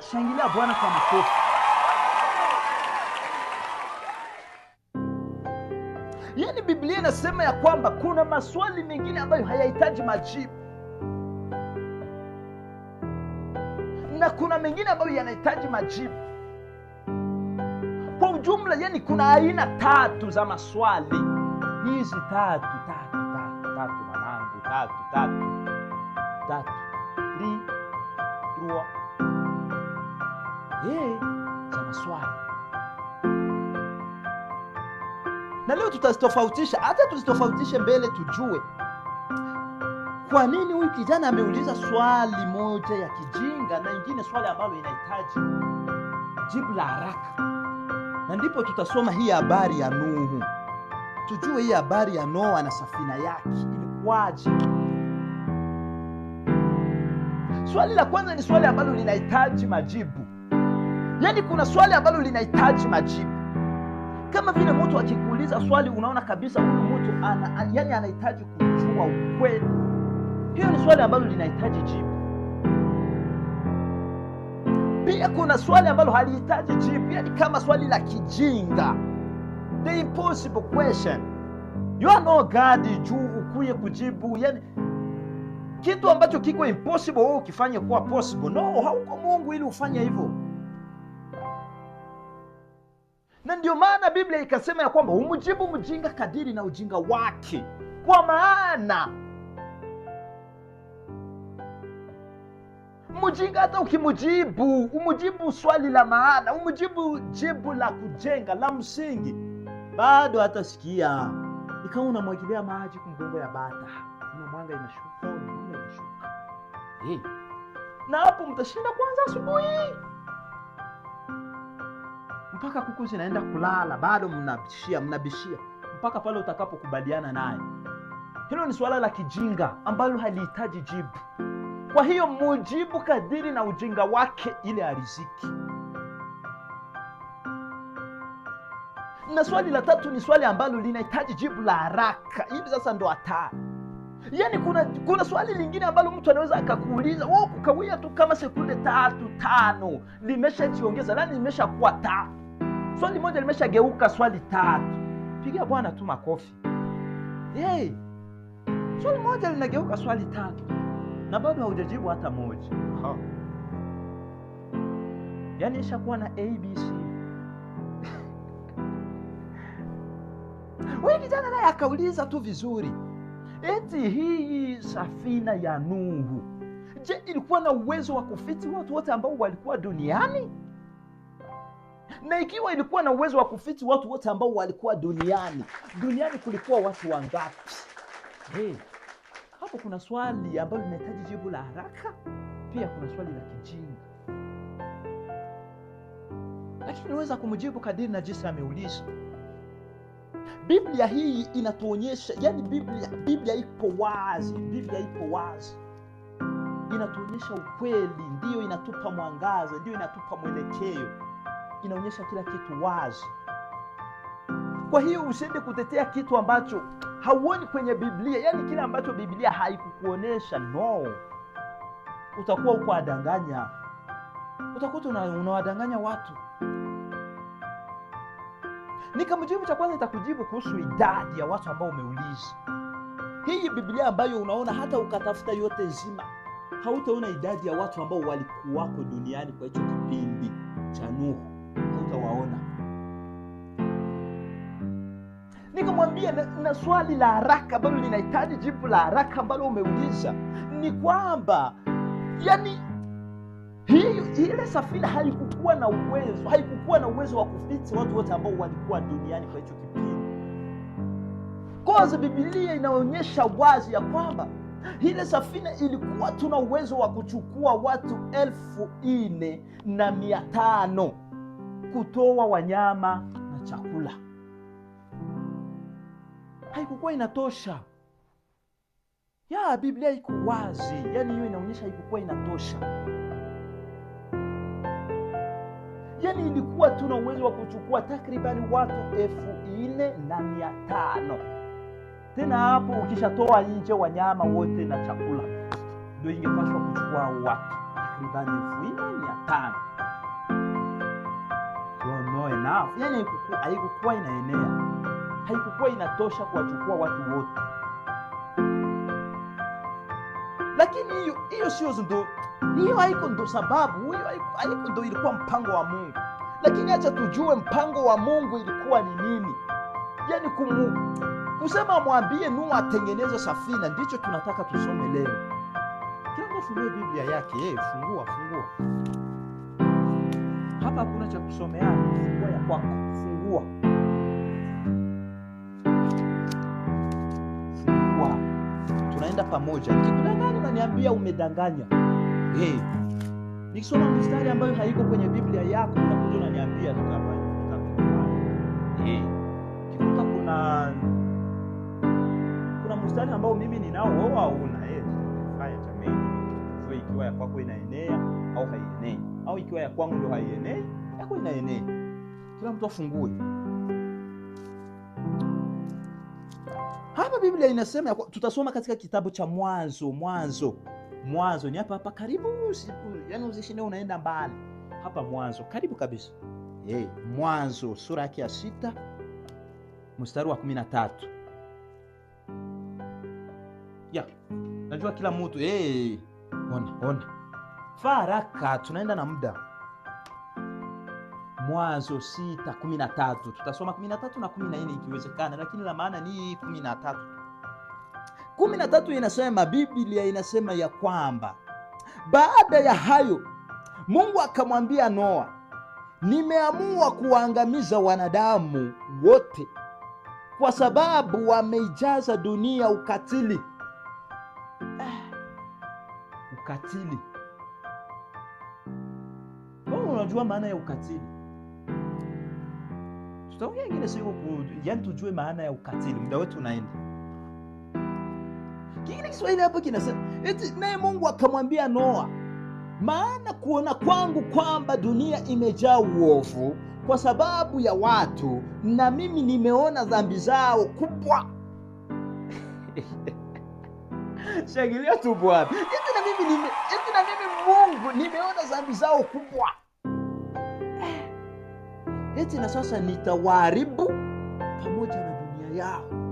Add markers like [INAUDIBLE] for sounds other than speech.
shangilia Bwana kwa makofi. Yaani Biblia inasema ya kwamba kuna maswali mengine ambayo hayahitaji majibu na kuna mengine ambayo yanahitaji majibu. Kwa ujumla, yani kuna aina tatu za maswali hizi tatu tatu tatu tatu, mwanangu, tatu tatu tatu, tatu yeye za maswali, na leo tutazitofautisha, hata tuzitofautishe mbele, tujue kwa nini huyu kijana ameuliza swali moja ya kijinga na ingine swali ambalo inahitaji jibu la haraka, na ndipo tutasoma hii habari ya Nuhu, tujue hii habari ya Noa na safina yake ilikuwaje. Swali la kwanza ni swali ambalo linahitaji majibu. Yaani kuna swali ambalo linahitaji majibu, kama vile mtu akikuuliza swali, unaona kabisa huyu mtu ana, yani anahitaji kujua ukweli. Hiyo ni swali ambalo linahitaji jibu. Pia kuna swali ambalo halihitaji jibu, yani kama swali la kijinga, the impossible question, you are no God juu ukuye kujibu, yani kitu ambacho kiko impossible wewe ukifanye kuwa possible. No, hauko Mungu ili ufanye hivyo na ndio maana Biblia ikasema ya kwamba humjibu mjinga kadiri na ujinga wake, kwa maana mjinga hata ukimujibu, umujibu swali la maana, umujibu jibu la kujenga la msingi, bado hatasikia. Ikawa unamwagilia maji kumgongo ya bata, mwanga inashuka, inashuka, hey. na hapo mtashinda kwanza asubuhi mpaka kuku zinaenda kulala, bado mnabishia mnabishia mpaka pale utakapokubaliana naye. Hilo ni suala la kijinga ambalo halihitaji jibu. Kwa hiyo mujibu kadiri na ujinga wake ile ariziki. Na swali la tatu ni swali ambalo linahitaji jibu la haraka. Hivi sasa ndo hatari. Yaani kuna, kuna swali lingine ambalo mtu anaweza akakuuliza wewe tu kama sekunde tatu tano, limeshajiongeza nani limeshakuwa tatu swali moja limeshageuka swali tatu. Pigia Bwana tu makofi. Hey, swali moja linageuka swali tatu na bado haujajibu hata moja. Ha. Yaani ishakuwa na ABC. [LAUGHS] Wewe kijana naye akauliza tu vizuri, eti hii safina ya Nuhu, je, ilikuwa na uwezo wa kufiti watu wote ambao walikuwa duniani? na ikiwa ilikuwa na uwezo wa kufiti watu wote ambao walikuwa duniani, duniani kulikuwa watu wangapi? Hey, hapo kuna swali ambalo linahitaji jibu la haraka, pia kuna swali la kijinga, lakini niweza kumjibu kadiri na jinsi ameuliza. Biblia hii inatuonyesha yani, Biblia, Biblia ipo wazi, Biblia ipo wazi inatuonyesha ukweli, ndiyo inatupa mwangaza, ndiyo inatupa mwelekeo inaonyesha kila kitu wazi. Kwa hiyo usiende kutetea kitu ambacho hauoni kwenye Biblia, yaani kile ambacho Biblia haikukuonesha. No, utakuwa uko adanganya, utakuta unawadanganya watu. Nikamjibu, cha kwanza itakujibu kuhusu idadi ya watu ambao umeuliza. Hii Biblia ambayo unaona hata ukatafuta yote zima hautaona idadi ya watu ambao walikuwako duniani kwa hicho kipindi cha Nuhu. nikamwambia na, na swali la haraka ambalo linahitaji jibu la haraka ambalo umeuliza ni kwamba yani hii ile safina haikukuwa na uwezo, haikukuwa na uwezo wa kufiti watu wote ambao walikuwa duniani kwa hicho kipindi. Kwanza bibilia inaonyesha wazi ya kwamba ile safina ilikuwa tuna uwezo wa kuchukua watu elfu nne na mia tano kutoa wanyama na chakula haikukuwa inatosha. Ya Biblia iko wazi, yaani hiyo inaonyesha haikukuwa inatosha, yaani ilikuwa tuna uwezo wa kuchukua takribani watu elfu ine na mia tano tena hapo ukishatoa nje wanyama wote na chakula, ndio ingepaswa kuchukua watu takribani elfu nne mia tano Yaani haikukuwa inaenea haikukuwa inatosha kuwachukua watu wote, lakini hiyo hiyo sio ndo, hiyo haiko ndo sababu, hiyo haiko ndo ilikuwa mpango wa Mungu. Lakini acha tujue mpango wa Mungu ilikuwa ni nini, yani kumu, kusema mwambie nuu atengeneze safina, ndicho tunataka tusome leo. Kila Biblia yake yeye, eh, fungua fungua, hapa kuna cha kusomea, fungua ya kwako, fungua pamoja. Nikikudanganya unaniambia umedanganya. Hey, nikisoma mstari ambayo haiko kwenye Biblia yako unakuja unaniambia tukafanya Hey, kikuta kuna kuna mstari ambao mimi ninao wewe hauna. Eh, jamani. Sio ikiwa ya kwako inaenea au haienei, au ikiwa ya kwangu ndio haienei, yako inaenea. Kila mtu afungue. Hapa Biblia inasema, tutasoma katika kitabu cha Mwanzo. Mwanzo, Mwanzo ni hapa hapa karibu, yani uzishinde unaenda mbali. Hapa Mwanzo karibu kabisa. Hey, Mwanzo sura yake ya sita mstari wa kumi na tatu. Ya, najua kila mtu hey, ona ona faraka, tunaenda na muda Mwanzo sita kumi na tatu. Tutasoma kumi na tatu na kumi na nne ikiwezekana, lakini la maana ni kumi na tatu. Kumi na tatu inasema, Biblia inasema ya kwamba baada ya hayo Mungu akamwambia Noa, nimeamua kuwaangamiza wanadamu wote kwa sababu wameijaza dunia ukatili. Eh, [SIGHS] ukatili. unajua maana ya ukatili? tutaongea ingine siku, yani tujue maana ya ukatili, muda wetu unaenda. Kingine Kiswahili hapo kinasema eti naye Mungu akamwambia Noa, maana kuona kwangu kwamba dunia imejaa uovu kwa sababu ya watu, na mimi nimeona dhambi zao kubwa. [LAUGHS] Shangilia tu Bwana, eti na mimi Mungu nimeona dhambi zao kubwa eti na sasa nitawaharibu pamoja na dunia yao.